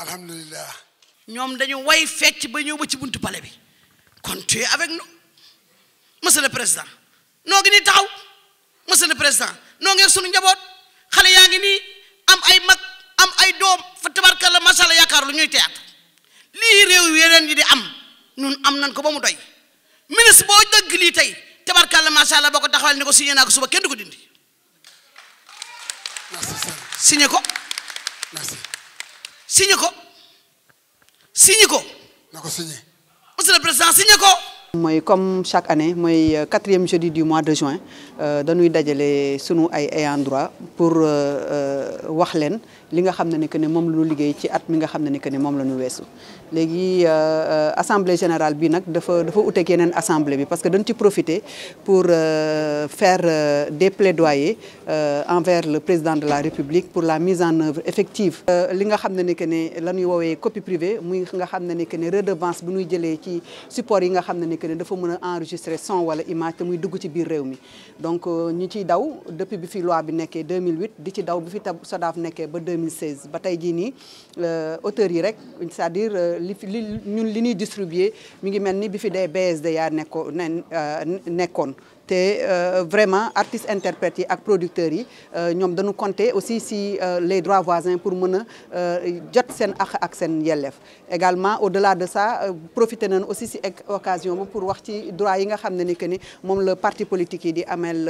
alhamdulillah ñoom dañu way fecc ba ba ci buntu palais bi kon tu es avec nous monsieur le président no ngi nii taxaw monsieur le président no sunu njabot am ay mag am ay dom fa tabarkalla macha ya yaakaar lu ñuy théâtre lii yeneen yi di am nun am nan ko ba mu doy ministre boo dëgg lii tey tabarkalla macha allah boo ko taxawal ni ko signé suba signé ko signé ko. na signé. monsieur le président signé ko. comme chaque année 4e euh, jeudi du mois de juin euh, dañuy dajale sunu ay ayants droit pour euh, wax leen li nga xam ni que né mom la liggéey ci at mi nga xamné ni que né mom la ñu légui euh, euh assemblée générale bi nak dafa dafa outé kenen assemblée bi parce que dañ ci profiter pour euh, faire euh, des plaidoyers envers le président de la République pour la mise en œuvre effective li nga xam ni que né la ñuy copie privée muy nga xamné ni que né redevance bu ñuy jëlé ci support yi nga xamné ni que dafa mëna enregistrer son wala image te muy dugg ci biir réew mi donc ñu ci daw depuis bi fi loi bi nekkee 2008 di ci daw bi fi tab SODAV nekkee ba 2016 ba tey jii nii euh, auteurs yi rek c'est-à-dire euh, li fi li ñun li ñuy distribuer mi ngi mel ni bi fi dee BSD yaa nekkoon nekkoon te euh, vraiment artistes interprétés et ak producteurs yi euh, ñoom dañu compter aussi si euh, les droits voisins pour mën a jot seen ak sen yelleef également au-delà de ça profiter nañ aussi si occasion pour wax ci droit yi nga xamné ni que ni mom le parti politique yi di amel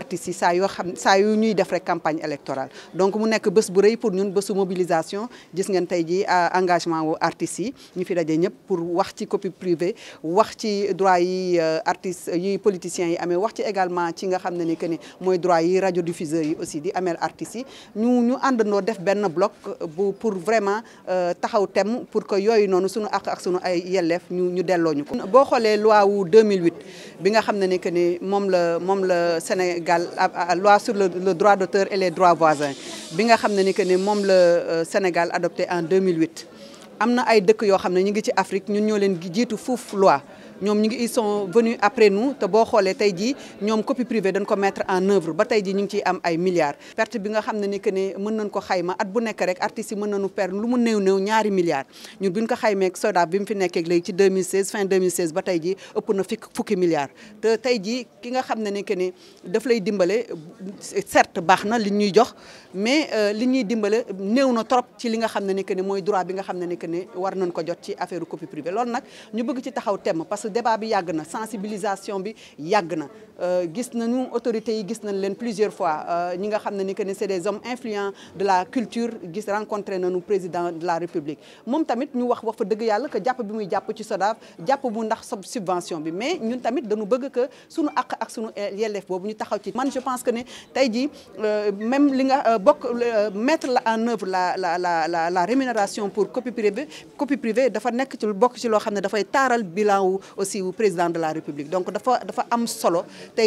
artistes Ça saa yo xam saa yu ñuy def rek campagne électorale donc mu nekk bëss bu reuy pour ñun bëss mobilisation gis ngeen tay ji engagement wu artistes yi ñu fi dajé ñëpp pour wax ci copie privée wax ci droit yi artistes yi politiciens yi wax ci également ci nga xam ni que ni mooy droit yi diffuseur yi aussi di amel artiste yi ñu ñu àndandoo def ben bloc euh, bu pour vraiment euh, taxaw tem pour que yooyu nonu suñu ak ak suñu ay yelleef ñu ñu delloo ko. boo loi wu 2008 bi nga xamné ne ni que ni le la la Sénégal ah, ah, ah, loi sur le droit d'auteur et les droits voisins bi nga xamné ne ni que la euh, Sénégal adopté en 2008 Amna ay dëkk yo xamné ñi ngi ci Afrique ñun ñoo leen jitu fuuf loi ñoom ñu ngi ils sont venus après nous te boo xoolee tey jii ñoom copie privée dañ ko mettre en œuvre ba tey jii ñu ngi ciy am ay milliards perte bi nga xam ni que ne mën nañ ko xayma at bu nekk rek artistes yi mën nañu perdre lu mu néew néew ñaari milliards ñun buñ ko xaymee ak SODAV bi mu fi nekkee léegi ci 2016 fin 2016 ba tey jii ëpp na fikk fukki milliards te tey jii ki nga xam ni que ne daf lay dimbale certes baax na li ñuy jox mais euh, li ñuy dimbale néew na trop ci li nga xam ni que ne mooy droit bi nga xam ni que ne war nañ ko jot ci affaire copie privée loolu nak, ñu bëgg ci taxaw thème, parce que débat bi yàgg na sensibilisation bi yàgg na euh, gis nañu autorité yi gis nañ len plusieurs fois euh, ñi nga xamné ne ni que c'est des hommes influents de la culture gis rencontré nañu président de la république mom tamit ñu wax wax fa deug yalla que japp bi muy japp ci SODAV japp bu ndax subvention bi mais ñun tamit dañu bëgg que suñu ak ak suñu yelleef boobu ñu taxaw ci man je pense que ne ji euh même li nga euh, bok mettre en œuvre la la la la la rémunération pour copie privée copie privée dafa nekk ci bok ci lo xamné da fay taral bilan wu aussi au président de la république donc dafa dafa am solo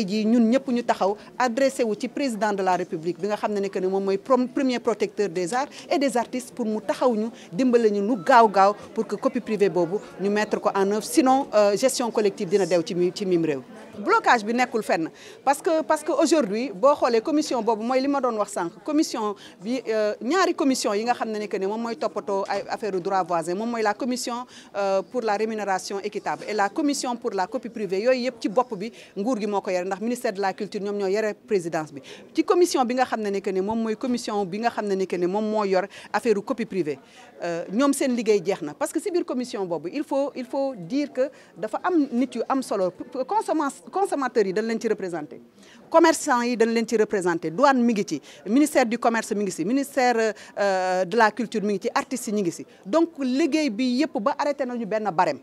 Nous ñun ñëpp ñu président de la république Nous nga que le premier protecteur des arts et des artistes pour nous taxaw ñu dimbale ñu pour que copie privée mettre en œuvre sinon euh, gestion collective dina dew ci blocage bi nekul fenn parce que parce que aujourd'hui bo xolé commission bobu moy li ma doon wax sank commission bi euh, ñaari commission yi nga xamné ne ne que ne moom mooy toppatoo affaire droit voisin mom moy la commission euh, pour la rémunération équitable et la commission pour la copie privée yoy yep ci bop bi nguur gi moko ko ndax ministère de la culture ñom ñoy yore présidence bi ci commission bi nga xamné ne ne que ne moom mooy commission bi nga xamné ne ne que ne moom moo yor affaire copie privée euh, ñom seen liggéey jeexna parce que ci bir commission bobu il faut il faut dire que dafa am nit yu am solo consommance consommateurs yi l'entier ci représenté commerçants yi dañ leen ci représenté douane mi ministère du commerce mi ministère euh, de la culture mi ci artistes yi ñu ngi donc liggéey bi yep ba arrêté nañu ben barème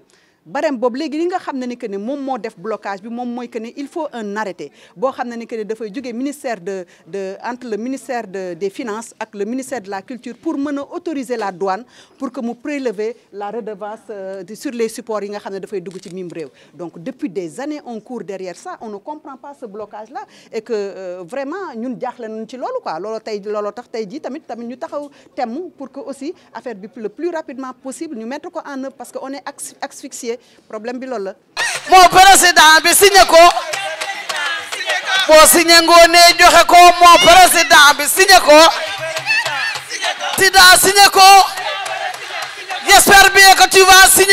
barème bob légui li nga xamné ni que ne mom mo def blocage bi mom moy que ne il faut un arrêté bo xamné ne ni que ne dafay ministère de de entre le ministère de des finances ak le ministère de la culture pour mën autoriser la douane pour que mu prélever la redevance euh, sur les supports yi nga xam ne dafay dugg ci mim rew donc depuis des années on court derrière ça on ne comprend pas ce blocage là et que euh, vraiment ñun jaxlé nañ ci lolu quoi lolu tay lolu tax tay jii tamit tamit ñu taxaw temm pour que aussi affaire bi le plus rapidement possible ñu mettre ko en œuvre parce que on est asphyxié député problème bi loolu la moo président bi signé ko boo signé ngoone joxe ko moo président bi signé ko président ko j'espère bien que tu